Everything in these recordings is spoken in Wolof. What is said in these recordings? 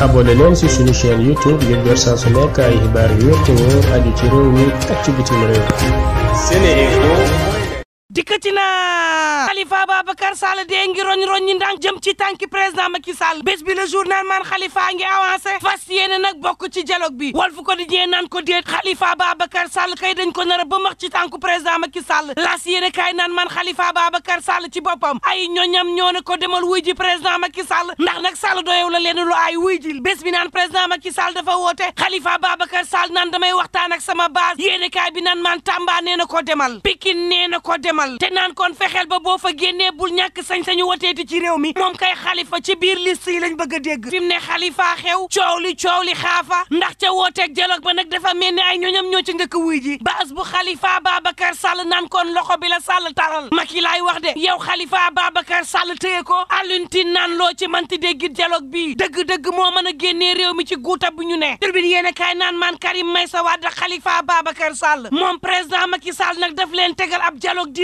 abonné leen ci suñu chaîne YouTube ngir jot saa su ay xibaar yu wér ci réew mi ak ci bitim dikkati na Khalifa Ababacar Sall dee ngi roñ roñ ñi jëm ci tànki président Macky Sall bés bi la jour naan maan Khalifa ngi avancé fas yéene nag bokk ci dialogue bi Walf Quotidien naan ko déet Khalifa Ababacar Sall kay dañ ko nar ba bëmax ci tànku président Macky Sall las yéene kaay naan maan Khalifa Ababacar Sall ci boppam ay ñoñam ñoo ko demal wuy ji président Macky Sall ndax nag Sall doyew la leen lu ay wuy ji bés bi naan président Macky Sall dafa woote Khalifa Ababacar Sall naan waxtaan ak sama base yéene kaay bi naan maan Tamba nee na ko demal Pikine nee na ko demal xamal te naan kon fexeel ba boo fa génnee bul ñàkk sañ-sañu woteeti ci réew mi moom kay xalifa ci biir liste yi lañ bëgg a dégg fi mu ne xalifa xew coow li coow li xaafa ndax ca wooteeg dialogue ba nag dafa mel ni ay ñooñam ñoo ci njëkk wuy ji baas bu xalifa Babacar Sall naan kon loxo bi la Sall taral Macky laay wax de yow xalifa Babacar Sall téye ko Alioune Tine naan loo ci manti dégg dialogue bi dëgg-dëgg moo mën a génnee réew mi ci guuta bu ñu ne turbine yéen kaay naan maan Karim Meïssa Wade xalifa Babacar Sall moom président Macky Sall nag daf leen tegal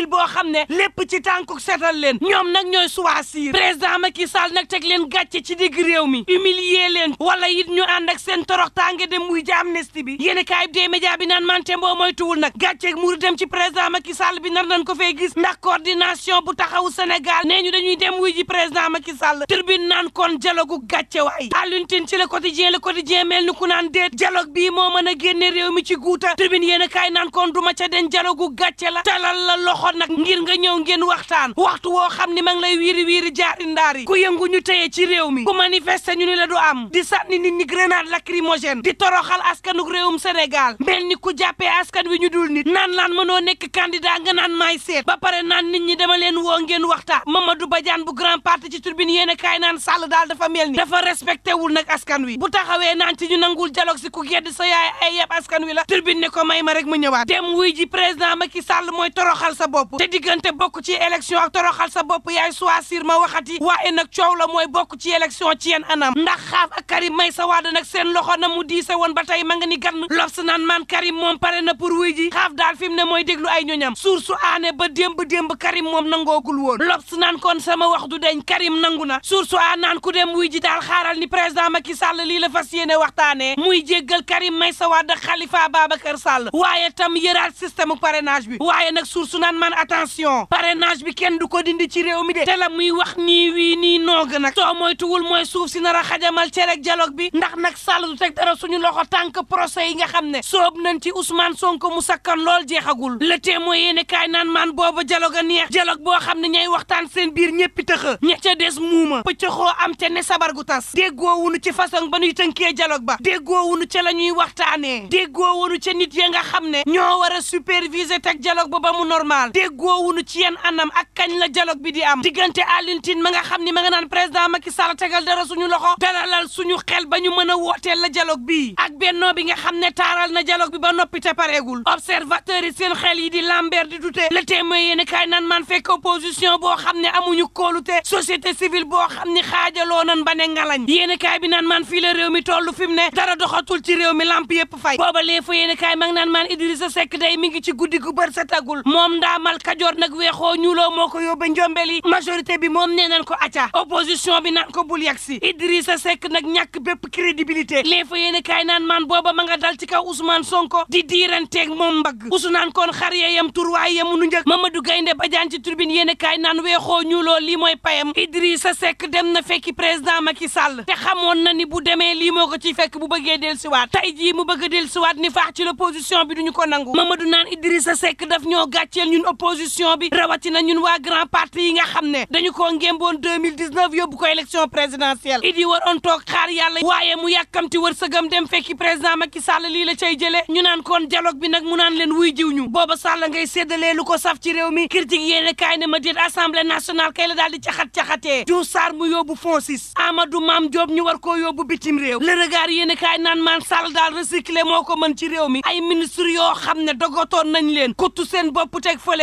boo xam ne lépp ci tànkuk setal leen ñoom nag ñooy choisir président Macky Sall nag teg leen gàcce ci digg réew mi humilier leen wala it ñu ànd ak seen toroxtaange dem muy ja amnistie bi yéen kaay bi dee média bi naan mante boo moytuwul nag gàcceeg muur dem ci président Macky Sall bi nar nañ ko fee gis ndax coordination bu taxawu Sénégal nee ñu dañuy dem wuy ji président Macky Sall tribune naan kon dialogue gàcce waay Alioune Tine ci le quotidien le quotidien mel ni ku naan déet dialogue bii moo mën a génne réew mi ci guuta tribune yéen kaay naan kon ca den dialogue gàcce la talal loxo la nag ngir nga ñëw ngeen waxtaan waxtu woo xam ni ma ngi lay wiiri wiiri jaari ndaar yi ku yëngu ñu téye ci réew mi ku manifester ñu ni la du am di sànni nit ñi grenade lacrymogène di toroxal askanuk réewum senegal mel ni ku jàppee askan wi ñu dul nit naan laan mënoo nekk candidat nga naan maay seet ba pare naan nit ñi dama leen woo ngeen waxtaan Mamadou Badiane bu grand parti ci tribune yéen a kaay naan Sall daal dafa mel ni dafa respecté wul nag askan wi bu taxawee naan ci ñu nangul dialogue si ku gedd sa yaay ay yeb askan wi ne ko may ma rek mu ñëwaat dem wuy ji président Macky Sall mooy toroxal sa bopp bopp te diggante bokk ci élection ak toroxal sa bopp yaay choisir ma waxati waaye nag coow la mooy bokk ci élection ci yenn anam ndax xaaf ak Karim Meïssa Wade nag seen loxo na mu diise woon ba tey ma nga ni gan lobs naan man Karim moom pare na pour wuy ji xaaf daal fi mu ne mooy déglu ay ñoñam sur su aane ba démb démb Karim moom nangoogul woon lobs naan kon sama wax du deñ Karim nangu na suur su aan naan ku dem wuy ji daal xaaral ni président Macky Sall lii la fas yéene waxtaanee muy jéggal Karim Meïssa Wade Khalifa Babacar Sall waaye tam yëraat système parrainage bi waaye nag suur su defal attention bi kenn du ko dindi ci réew mi de te la muy wax nii wii nii noog nag soo moytuwul mooy suuf si nar a xajamal cerek dialogue bi ndax nag Sall du teg dara suñu loxo tànk procès yi nga xam ne soob nañ ci Ousmane Sonko mu sakkan lool jeexagul le mooy yéene kaay naan maan booba dialogue a neex dialogue boo xam ne ñay waxtaan seen biir ñéppi tëxa ña ca des muuma pëccëxoo am te ne sabar gu tas déggoowunu ci façon ba nuy tënkee dialogue ba déggoowunu ca la ñuy waxtaanee déggoowunu ca nit ya nga xam ne ñoo war a superviser teg dialogue ba ba mu normal déggoowunu ci yenn anam ak kañ la dialogue bi di am diggante Alioune Tine ma nga xam ni ma nga naan président Macky Sall tegal dara suñu loxo dalalal suñu xel ba ñu mën a wooteel la dialogue bi ak bennoo bi nga xam ne taaral na dialogue bi ba noppi te pareegul observateur yi seen xel yi di lambeer di dute le témoin yéen kaay nan man fekk opposition boo xam ne amuñu kóolute société civile boo xam ni xaajaloo nan ba ne ngalañ yéen kaay bi nan man fii la réew mi toll fi mu ne dara doxatul ci réew mi lamp yëpp fay booba lee fa yéen ma nga naan man mi ngi ci guddi gu bër setagul moom ndaam Mal Kajoor nag weexoo ñuuloo moo ko yóbbe njombeli majorité bi moom nee nañ ko acca opposition bi naan ko bul yagsi Idrissa Seck nag ñàkk bépp crédibilité les fa yéen kaay naan maan booba ma nga dal ci kaw Ousmane Sonko di diiranteeg moom mbagg Ousmane kon xar ya yam turwaay yamunu njëkk Mamadou Gaynde Badiane ci tribune yéen kaay naan weexoo ñuuloo lii mooy payam Idrissa Seck dem na fekki président Macky Sall te xamoon na bu demee lii moo ko ciy fekk bu bëggee dellusiwaat tey jii mu bëgg dellusiwaat ni faax ci l'opposition bi duñu ko nangu Mamadou naan Idrissa Seck daf opposition bi rawatina ñun waa grand parti yi nga xam ne dañu koo ngémboon 2019 yóbbu ko élection présidentielle idi waroon toog xaar yàlla waaye mu yàkkamti wërsëgam dem fekki président Macky Sall lii la cay jëlee ñu naan kon dialogue bi nag mu naan leen wuy jiw ñu booba Sall ngay séddalee lu ko saf ci réew mi critique yéene kaay ne ma déet assemblée nationale kay la daal di caxat-caxatee Diouf Sarr mu yóbbu fonsis Amadou Mame Diop ñu war koo yóbbu bitim réew le regard yéene kaay naan maan Sall daal recyclé moo ko mën ci réew mi ay ministre yoo xam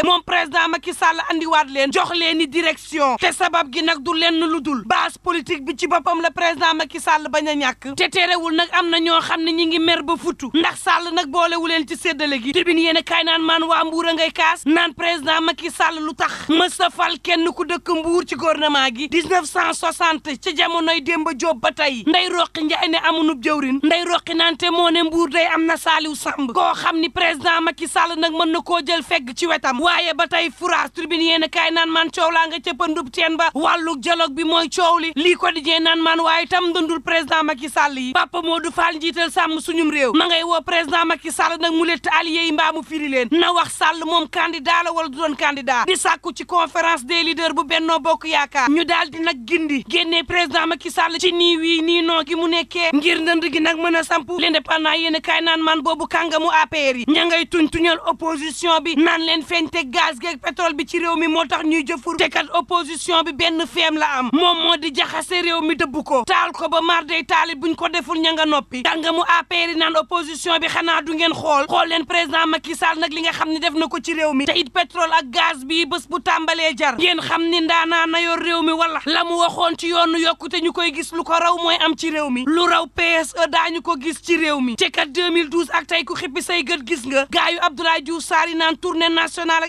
jële moom président Macky Sall andiwaat leen jox ni direction te sabab gi nag du lenn lu dul base politique bi ci boppam la président makki sàll bañ a ñàkk te terewul nag am na ñoo xam ne ñi ngi mer ba futu ndax sàll nag boolewu leen ci séddale gi tribune yéen a kaay naan maan waa Mbuur a ngay kaas naan président Macky Sall lu tax mësa fal kenn ku dëkk Mbuur ci gouvernement gi 1960 ci jamonoy Demba Diop ba tey nday roqi njaay ne amunub jëwrin nday roqi naan te moo ne Mbuur day am na Saliou Samb koo xam ni président Macky Sall nag mën na koo jël fegg ci wetam waaye ba tey furaas tribune yéen kaay naan man coow laa nga cëppandub teen ba wàllu dialogue bi mooy coow li lii ko di naan man waaye tam ndundul président Macky Sall yi Papa Modou Fall njiital sàmm suñum réew ma ngay woo président Macky Sall nag mu lett allié yi mbaa mu firi leen na wax Sall moom candidat la wala du doon candidat di sàkku ci conférence des leaders bu Benno Bokk Yaakaar ñu daal di nag gindi génnee président Macky Sall ci nii wii nii noo gi mu nekkee ngir ndënd gi nag mën a samp l'indépendant yéen kaay naan man boobu kàngamu APR yi ña ngay tuñ tuñal opposition bi naan leen feñte ne gaz geeg pétrole bi ci réew mi moo tax ñuy jëfur te kat opposition bi benn feem la am moom moo di jaxase réew mi dëbb ko taal ko ba mar day taali buñ ko deful ña nga noppi danga mu APR yi naan opposition bi xanaa du ngeen xool xool leen président Macky Sall nag li nga xam ni def na ko ci réew mi te it pétrole ak gaz bi bés bu tàmbalee jar ngeen xam ni ndaanaa na yor réew mi wala la mu waxoon ci yoonu yokkute ñu koy gis lu ko raw mooy am ci réew mi lu raw PSE daañu ko gis ci réew mi ci kat 2012 ak tey ku xippi say gët gis nga gaayu Abdoulaye Diouf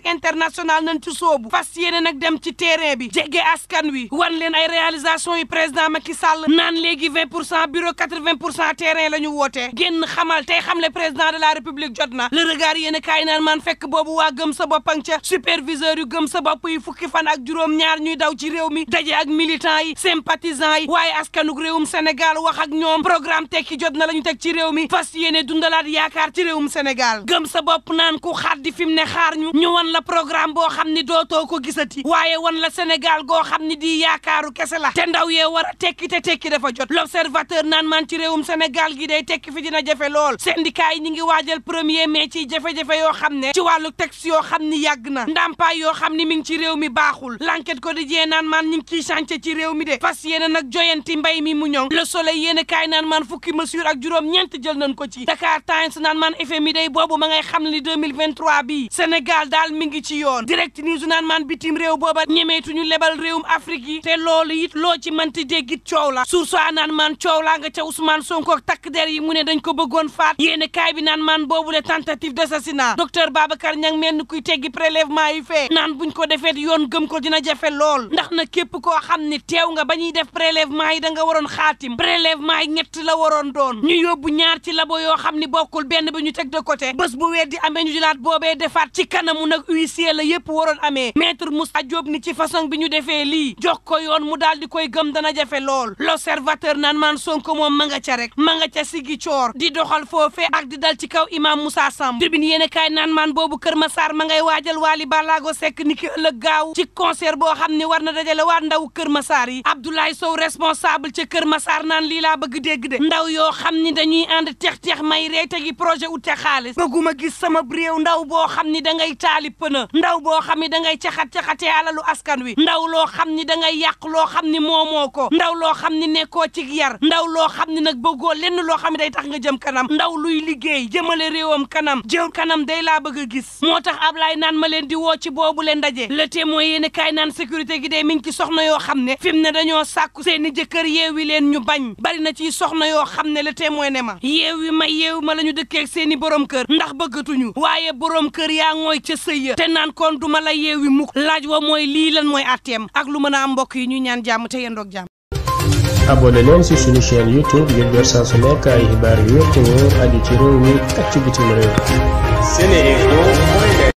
nag international nañ ci soobu fas yéene nag dem ci terrain bi jege askan wi wan leen ay réalisation yi président Macky Sall naan léegi 20 pour cent bureau 80 pour cent terrain la ñu wootee génn xamal tey xam le président de la république jot na le regard yéen a kaay naan man fekk boobu waa gëm sa bopp ak ca superviseur yu gëm sa bopp yi fukki fan ak juróom-ñaar ñuy daw ci réew mi daje ak militant yi sympathisant yi waaye askanug réewum Sénégal wax ak ñoom programme tekki jot na la ñu teg ci réew mi fas yéene dundalaat yaakaar ci réewum Sénégal gëm sa bopp naan ku xaar la programme boo xam ni dootoo ko gisati waaye wan la Sénégal goo xam ni di yaakaaru kese la te ndaw yee war a tekki te tekki dafa jot l'observateur naan man ci réewum Sénégal gi day tekki fi dina jafe lool syndicat yi ñi ngi waajal premier mai ci jafe-jafe yoo xam ne ci wàllu texte yoo xam ni yàgg na ndàmpaay yoo xam ni mi ngi ci réew mi baaxul l'enquête quotidien naan man ñi ngi ciy chantier ci réew mi de fas yéene nag joyanti mbay mi mu ñoŋ le soleil yéene kaay naan man fukki mesure ak juróom jël nañ ko ci Dakar Times naan man FMI day boobu ma ngay xam ni 2023 bi Sénégal daal daal mi ngi ci yoon direct news naan maan bitim réew booba ñemeetuñu lebal réew Afrique yi te loolu it loo ci mënti dégg it coow la source a naan maan coow laa nga ca Ousmane Sonko ak takk der yi mu ne dañ ko bëggoon faat yéene kaay bi naan maan boobu le tentative d'assassinat docteur Babacar Niang mel ni kuy teggi prélèvement yi fee naan buñ ko defee yoon gëm ko dina jafe lool ndax na képp koo xam ne teew nga ba ñuy def prélèvement yi da nga waroon xaatim prélèvement yi ñett la waroon doon ñu yóbbu ñaar ci labo yoo xam ne bokkul benn bi ñu teg de côté bés bu weddi amee ñu jëlaat defaat ci kanamu ak huissier la yëpp waroon amee maître Moussa Diop ni ci façon bi ñu defee lii ko yoon mu daal di koy gëm dana jafe lool l'observateur naan maan Sonko moom ma nga ca rek ma nga ca sigi coor di doxal foofe ak di dal ci kaw imam Moussa Samb tribune yéen a kaay naan maan boobu Kër Massar ma ngay waajal Waly Ballago Seck ni ki ëllëg gaaw ci concert boo xam ni war na dajale waat ndaw Kër Massar yi Abdoulaye Sow responsable ca Kër Massar naan lii laa bëgg dégg de ndaw yoo xam ni dañuy ànd teex teex may reete gi projet ute xaalis bëgguma gis sama réew ndaw pëna ndaw boo xam ni da ngay caxat-caxatee alalu askan wi ndaw loo xam ni da ngay yàq loo xam ni moomoo ko ndaw loo xam ni nekkoo ci yar ndaw loo xam ni nag bëggoo lenn loo xam ni day tax nga jëm kanam ndaw luy liggéey jëmale réewam kanam jëm kanam day laa bëgg a gis moo tax Ablaye naan ma leen di woo ci boobu leen ndaje le témoin yéen kaay naan sécurité gi dee mi ngi ci soxna yoo xam ne fi mu ne dañoo sàkku seeni jëkkër yeewi leen ñu bañ bari na ci soxna yoo xam ne le témoin ne ma yeewi ma yeewi ma la ñu dëkkee seeni borom kër ndax bëggatuñu waaye borom kër yaa ngooy ca sëy ya te naan kon du ma la yeewi mukk laaj wa mooy lii lan mooy atteem ak lu mën a am mbokk yi ñuy ñaan jàmm te yendoog jàmm abonné leen ci suñu chaîne youtube ngir jot saa su nekk ay xibaar yu wér te wóor aju ci réew mi ak ci bitim réew